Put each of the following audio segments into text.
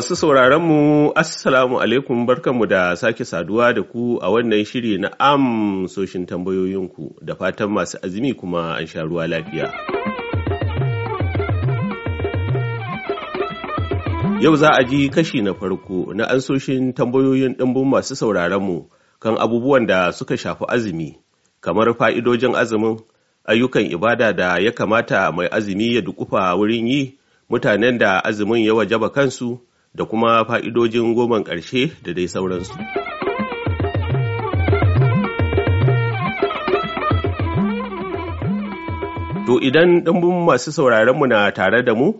Masu sauraronmu, Assalamu alaikum barkanmu da sake saduwa da ku a wannan shiri na amsoshin tambayoyinku da fatan masu azumi kuma an sha ruwa lafiya. Yau za a ji kashi na farko na ansoshin tambayoyin ɗimbin masu sauraronmu kan abubuwan da suka shafi azumi, kamar fa'idojin azumin, ayyukan ibada da ya kamata mai azumi ya dukufa wurin yi, mutanen da azumin ya wajaba kansu. da kuma fa'idojin goman ƙarshe da dai sauransu. To idan ɗumbin masu sauraronmu na tare da mu,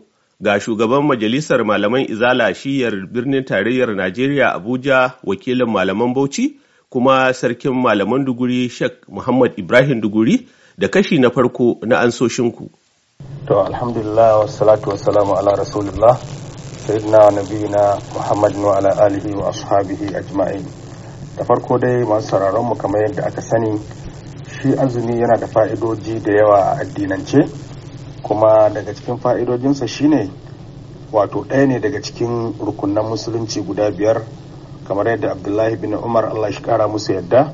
ga shugaban majalisar malaman izala shiyar birnin tarayyar Najeriya Abuja wakilin malaman Bauchi kuma sarkin malaman duguri Sheikh Muhammad Ibrahim duguri da kashi na farko na ansoshinku. To alhamdulillah wasu salamu ala rasulullah. sayyidina nabiyina muhammadin wa ala alihi wa ashabihi da farko dai masu sauraron mu kamar yadda aka sani shi azumi yana da fa'idoji da yawa a addinance kuma daga cikin fa'idojinsa shine wato ɗaya ne daga cikin rukunan musulunci guda biyar kamar yadda abdullahi bin umar allah shi kara musu yadda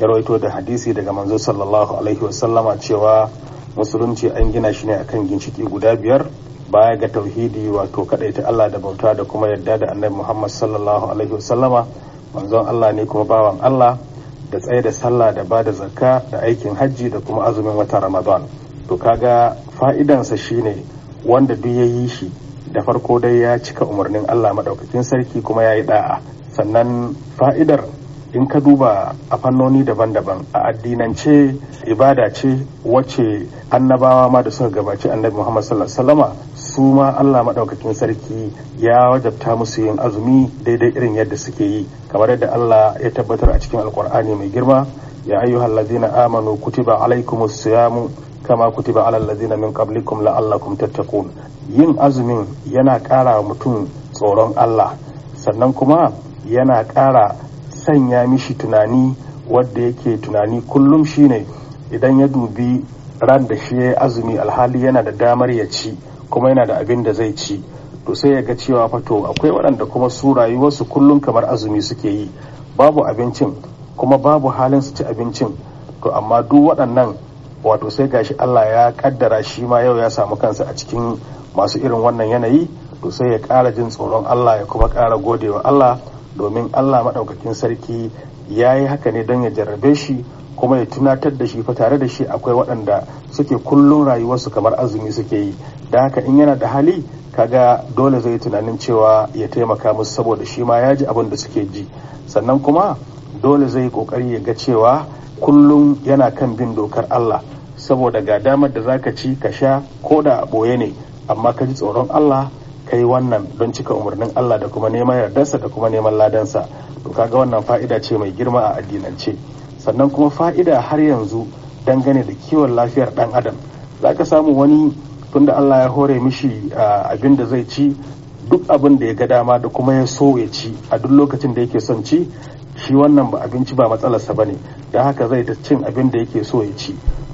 ya rawaito da hadisi daga manzo sallallahu alaihi wasallama cewa musulunci an gina shi ne akan ginshiki guda biyar baya ga tauhidi wato ta Allah da bauta da kuma yadda da annabi Muhammad sallallahu alaihi wasallama manzon Allah ne kuma bawan Allah da tsaye da sallah da bada zakka da aikin hajji da kuma azumin wata Ramadan to kaga sa shine wanda duk yayi shi da farko dai ya cika umarnin Allah madaukakin sarki kuma yayi yi da'a sannan fa'idar in ka duba a fannoni daban-daban a addinance ibada ce wacce annabawa ma da suka gabaci annabi muhammad sallallahu alaihi su ma Allah maɗaukakin sarki ya wajabta musu yin azumi daidai irin yadda suke yi kamar yadda Allah ya tabbatar a cikin alkur'ani mai girma ya ayyuhal ladzina amanu kutiba alaikumus siyamu kama kutiba alal ladzina min qablikum la'allakum tattaqun yin azumin yana ƙara mutum tsoron Allah sannan kuma yana ƙara sanya mishi tunani wadda yake tunani kullum shine idan ya dubi ran da shi ya azumi alhali yana da damar ya ci kuma yana da abin da zai ci to sai ya ga cewa fato akwai waɗanda kuma su rayuwarsu kullum kamar azumi suke yi babu abincin kuma babu halin su ci abincin to amma duk waɗannan wato sai gashi Allah ya kaddara shi ma yau ya samu kansa a cikin masu irin wannan yanayi to sai ya ƙara jin tsoron Allah ya kuma ƙara godewa Allah domin Allah maɗaukakin sarki ya yi haka ne don ya jarrabe shi kuma ya tunatar da shi fa tare da shi akwai waɗanda suke kullum rayuwarsu kamar azumi suke yi da haka in yana da hali kaga dole zai tunanin cewa ya taimaka musu saboda shi ma ya ji abin da suke ji sannan kuma dole zai kokari ya ga cewa kullum yana kan bin dokar Allah saboda ga damar da zaka ci ka sha ko da a ɓoye ne amma ka ji tsoron Allah kai wannan don cika umarnin Allah da kuma neman yardarsa da kuma neman ladansa to kaga wannan fa'ida ce mai girma a addinance sannan kuma fa'ida har yanzu dangane da kiwon lafiyar dan adam zaka samu wani tunda Allah ya hore mishi ah, abin da zai ci duk abin da ya ga dama da kuma ya so ya ci a duk lokacin da yake son ci shi wannan ba abinci ba matsalarsa ba ne da haka zai ta cin abin da yake so ya ci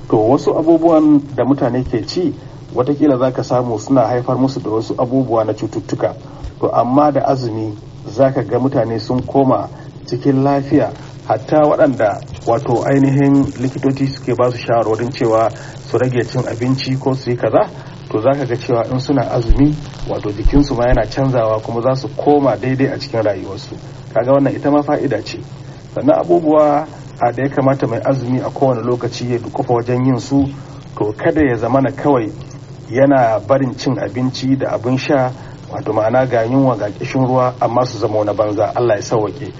to wasu abubuwan da mutane ke ci watakila za ka samu suna haifar musu da wasu abubuwa na cututtuka to amma da azumi za ka ga mutane sun koma cikin lafiya hatta waɗanda wato ainihin likitoci suke ba su shawarwarin cewa su rage cin abinci ko su yi kaza to za ka ga cewa in suna azumi wato jikinsu ma yana canzawa kuma za su koma daidai a cikin rayuwarsu kaga wannan ita ma fa'ida ce sannan abubuwa a da ya kamata mai azumi a kowane lokaci ya dukufa wajen yin su to kada ya zamana kawai yana barin cin abinci da abin sha wato ma'ana ga yunwa ga kishin ruwa amma su zama wani banza Allah ya sauwake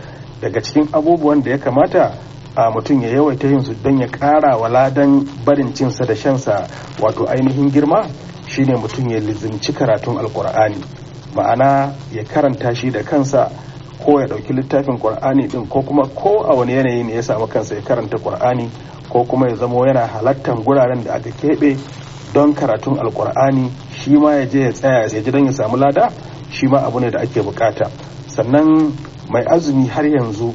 daga cikin abubuwan da ya kamata a mutum ya yawaita yin su don ya ƙara wa ladan barin cinsa da shansa wato ainihin girma shine mutum ya lizinci karatun alkur'ani ma'ana ya karanta shi da kansa ko ya ɗauki littafin ƙur'ani ɗin ko kuma ko a wani yanayi ne ya samu kansa ya karanta ƙur'ani ko kuma ya zamo yana halattan guraren da aka keɓe don karatun alkur'ani shi ma ya je ya tsaya ya ji don ya samu lada shi ma abu ne da ake bukata sannan mai azumi har yanzu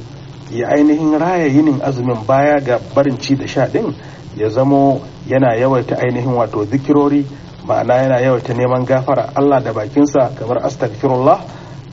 ya ainihin raya yinin azumin baya ga barin ci da sha din ya zamo yana yawaita ainihin wato zikirori ma'ana yana yawaita neman gafara Allah da bakinsa kamar astaghfirullah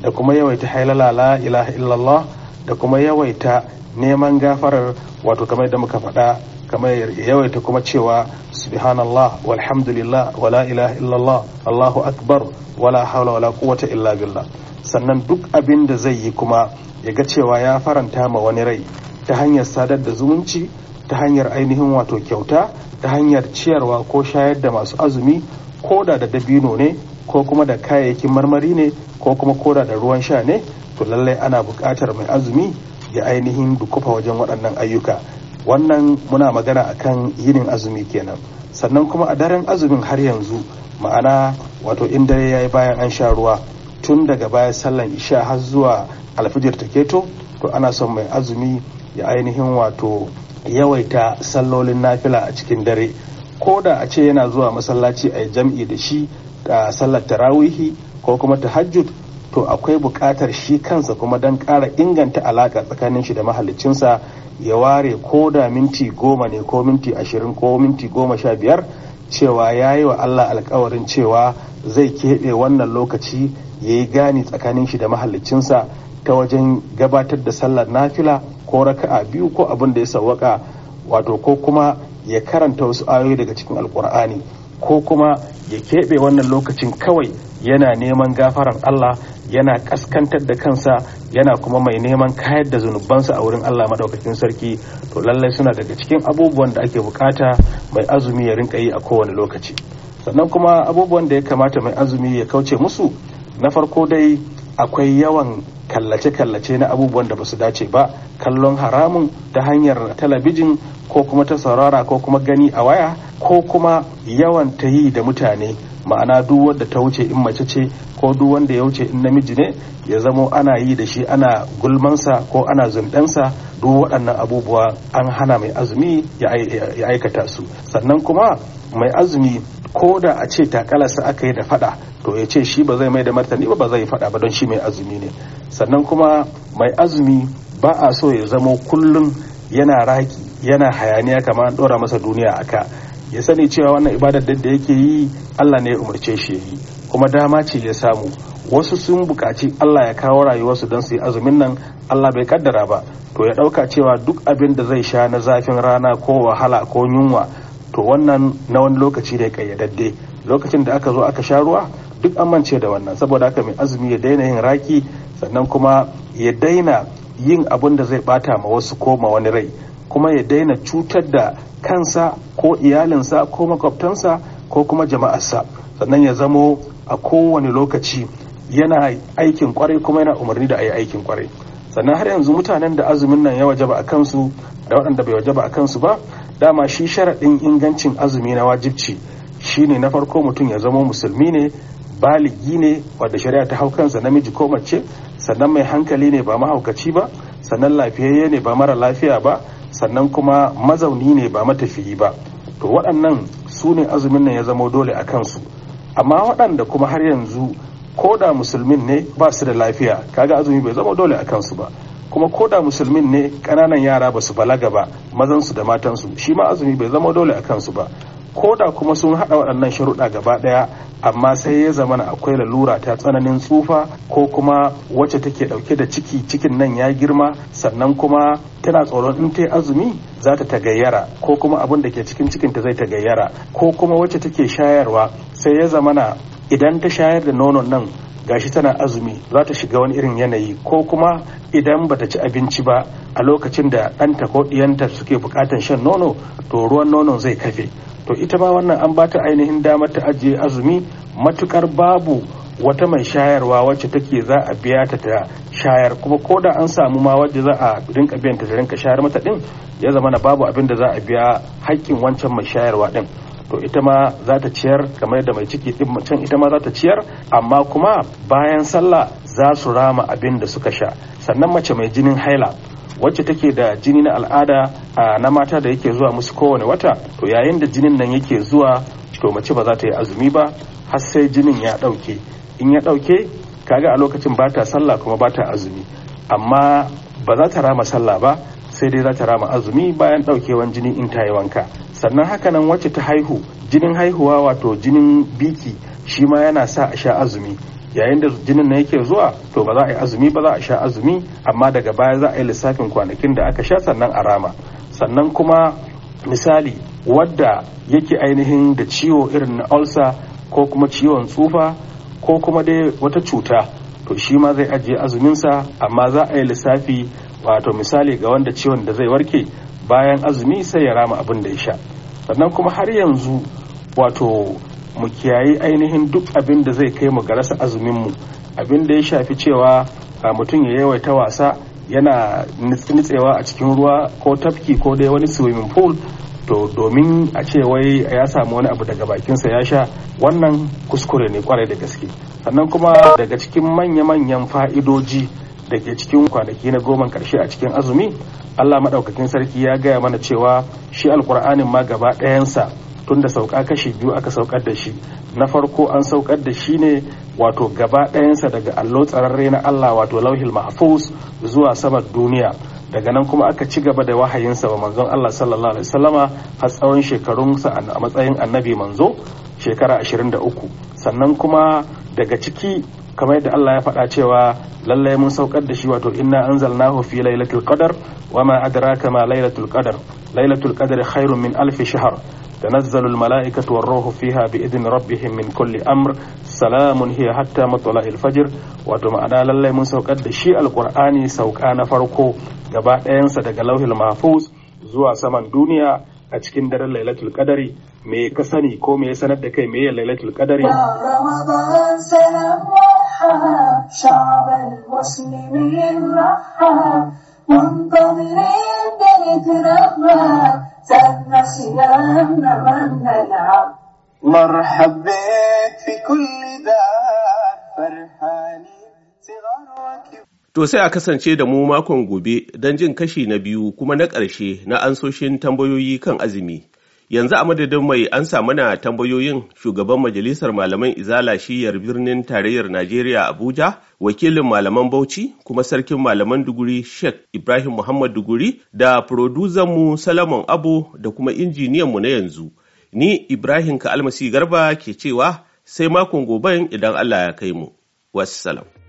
da kuma yawaita hailala la ilaha illallah da kuma yawaita neman gafarar wato kamar da muka faɗa kamar yawaita kuma cewa subhanallah ولا wala ilaha illallah allahu akbar wala حول ولا illa بالله sannan duk abin da zai yi kuma ya ga cewa ya faranta ma wani rai ta hanyar sadar da zumunci ta hanyar ainihin wato kyauta ta hanyar ciyarwa ko shayar da masu azumi ko da da dabino ne ko kuma da kayayyakin marmari ne ko kuma koda da ruwan sha ne to lallai ana buƙatar mai azumi ya ainihin dukufa wajen waɗannan ayyuka wannan muna magana a kan yinin azumi kenan sannan kuma a daren azumin har yanzu ma'ana wato in dare ya yi bayan an sha ruwa tun daga bayan sallan isha har zuwa alfijir ta keto to ana son mai azumi ya ainihin wato yawaita sallolin nafila a cikin dare ko da a ce yana zuwa masallaci a jam'i da shi a sallar tarawihi ko kuma tahajjud to akwai buƙatar shi kansa kuma don ƙara inganta alaƙa tsakanin shi da mahalicinsa ya ware ko da minti goma ne ko minti ashirin ko minti goma sha biyar cewa ya yi wa Allah alkawarin cewa zai keɓe wannan lokaci ya yi gani tsakanin shi da mahalicinsa ta wajen gabatar da sallar nafila ko raka'a biyu ko abin da ya sawwaka wato ko kuma ya karanta wasu ayoyi daga cikin alkur'ani ko kuma ya keɓe wannan lokacin kawai yana neman gafarar Allah yana ƙaskantar da kansa yana kuma mai neman kayar da zunubansa a wurin Allah maɗaukakin sarki to lallai suna daga cikin abubuwan da ake bukata mai azumi ya rinka yi a kowane lokaci sannan kuma abubuwan da ya kamata mai azumi ya kauce musu na farko dai akwai yawan kallace-kallace na abubuwan da ba su dace ba kallon haramun ta hanyar talabijin ko kuma ta saurara ko kuma gani a waya ko kuma yawan ta yi da mutane ma'ana duk wanda ta wuce in mace ce ko duk wanda ya wuce in namiji ne ya zamo ana yi da shi ana gulmansa ko ana zundansa duk waɗannan abubuwa an hana mai azumi ya aikata su sannan kuma mai azumi ko da a ce takalarsa aka yi da fada to ya ce shi ba zai mai da martani ba ba zai fada ba don shi mai azumi ne sannan kuma mai azumi ba a so ya zamo kullum yana raki yana hayaniya kamar an ɗora masa duniya aka ya sani cewa wannan ibadar da yake yi Allah ne ya umarce shi yi kuma dama ce ya samu wasu sun bukaci Allah ya kawo rayuwarsu don su yi azumin nan Allah bai kaddara ba to ya ɗauka cewa duk abin da zai sha na zafin rana ko wahala ko yunwa to wannan na wani lokaci da ya kayyadadde lokacin da aka zo aka sha ruwa duk an mance da wannan saboda haka mai azumi ya daina yin raki sannan kuma ya daina yin abin da zai bata ma wasu ko ma wani rai kuma ya daina cutar da kansa ko iyalinsa ko makwabtansa ko kuma jama'arsa sannan ya zamo a kowane lokaci yana aikin kwarai kuma yana umarni da a yi aikin kwarai sannan har yanzu mutanen da azumin nan ya waje ba a kansu da waɗanda bai waje ba a kansu ba dama shi sharaɗin ingancin azumi na wajibci shine na farko mutum ya zamo musulmi ne baligi ne wadda shari'a ta hau kansa namiji ko mace sannan mai hankali ne ba mahaukaci ba sannan lafiyayye ne ba mara lafiya ba sannan kuma mazauni ne ba matafiyi ba to waɗannan su ne azumin nan ya zama dole a kansu amma waɗanda kuma har yanzu ko da musulmin ne ba su da lafiya kaga azumi bai zama dole a kansu ba kuma ko da musulmin ne ƙananan yara ba su balaga ba mazansu da matansu shi ma azumi bai zama dole a kansu ba ko da kuma sun haɗa waɗannan sharuɗa gaba ɗaya amma sai ya zamana akwai lalura ta tsananin tsufa ko kuma wacce take ɗauke da ciki cikin nan ya girma sannan kuma tana tsoron in ta azumi za ta tagayyara ko kuma abin da ke cikin cikinta zai tagayyara ko kuma wacce take shayarwa sai ya zamana idan ta shayar da nonon nan gashi tana azumi za ta shiga wani irin yanayi ko kuma idan ba ta ci abinci ba a lokacin da ɗanta ko ɗiyanta suke buƙatar shan nono to ruwan nonon zai kafe to ita ma wannan an ba ta ainihin damar ta ajiye azumi matukar babu wata mai shayarwa wacce take za a biya ta ta shayar kuma ko da an samu ma wacce za a rinka biyan ta ta rinka shayar mata din ya zama na babu abin da za a biya haƙƙin wancan mai shayarwa din to ita ma za ta ciyar kamar da mai ciki din mutum ita ma za ta ciyar amma kuma bayan sallah za su rama abin da suka sha sannan mace mai jinin haila wacce take da jini na al'ada na mata da yake zuwa musu kowane wata to yayin da jinin nan yake zuwa to mace ba za ta yi azumi ba har sai jinin ya ɗauke in ya ɗauke kaga a lokacin ba ta sallah kuma ba ta azumi amma ba za ta rama sallah ba sai dai za ta rama azumi bayan ɗaukewan jini in ta yi wanka sannan hakanan wacce ta haihu jinin haihuwa wato jinin biki shi ma yana sa a sha azumi yayin da jinin na yake zuwa to ba za a yi azumi ba za a sha azumi amma daga baya za a yi lissafin kwanakin da aka sha sannan a rama sannan kuma misali wadda yake ainihin da ciwo irin na ulcer ko kuma ciwon tsufa ko kuma dai wata cuta to shi ma zai ajiye azuminsa amma za a yi lissafi wato misali ga wanda ciwon da zai warke bayan azumi sai ya rama abin da ya sha sannan kuma har yanzu wato mu kiyaye ainihin duk abin da zai kai mu ga rasa azuminmu abin da ya shafi cewa mutum ya yawaita wasa yana nitsewa a cikin ruwa ko tafki ko dai wani swimming pool to domin a ce wai ya samu wani abu daga bakinsa ya sha wannan kuskure ne kwarai da gaske sannan kuma daga cikin manya-manyan fa'idoji da ke cikin kwanaki na goma karshe a cikin azumi allah maɗaukakin sarki ya gaya mana cewa shi alkur'anin ma gaba ɗayansa tunda sauka kashi biyu aka saukar da shi na farko an saukar da shi ne wato gaba ɗayansa daga allo tsararre na Allah wato lauhil mahfuz zuwa samar duniya daga nan kuma aka ci gaba da wahayinsa wa manzon Allah sallallahu alaihi wasallama har tsawon shekarunsa a matsayin annabi manzo shekara 23 sannan kuma daga ciki kamar yadda Allah ya faɗa cewa lallai mun saukar da shi wato inna anzalnahu fi lailatul qadar wa ma adraka ma lailatul qadar lailatul qadar khairun min alfi shahr تنزل الملائكة والروح فيها بإذن ربهم من كل أمر سلام هي حتى مطلع الفجر wato ma'ana lallai mun saukar da shi alkur'ani sauka na farko gaba ɗayansa daga lauhil mahfuz zuwa saman duniya a cikin daren lailatul qadari me ka sani ko me ya sanar da kai me ya lailatul qadari شعب المسلمين رحى منتظرين بنتربى تنسينا من نلعب مرحب بك في كل فرحاني صغار وكبار To sai a kasance da mu makon gobe don jin kashi na biyu kuma na ƙarshe na ansoshin tambayoyi kan azumi. yanzu a madadin mai an samu na tambayoyin shugaban majalisar malaman izala shiyar birnin tarayyar najeriya abuja wakilin malaman bauchi kuma sarkin malaman duguri sheikh ibrahim muhammad duguri da mu salaman abu da kuma injiniyanmu na yanzu ni ibrahim ka almasi garba ke cewa sai makon goben idan allah ya kai mu wassalam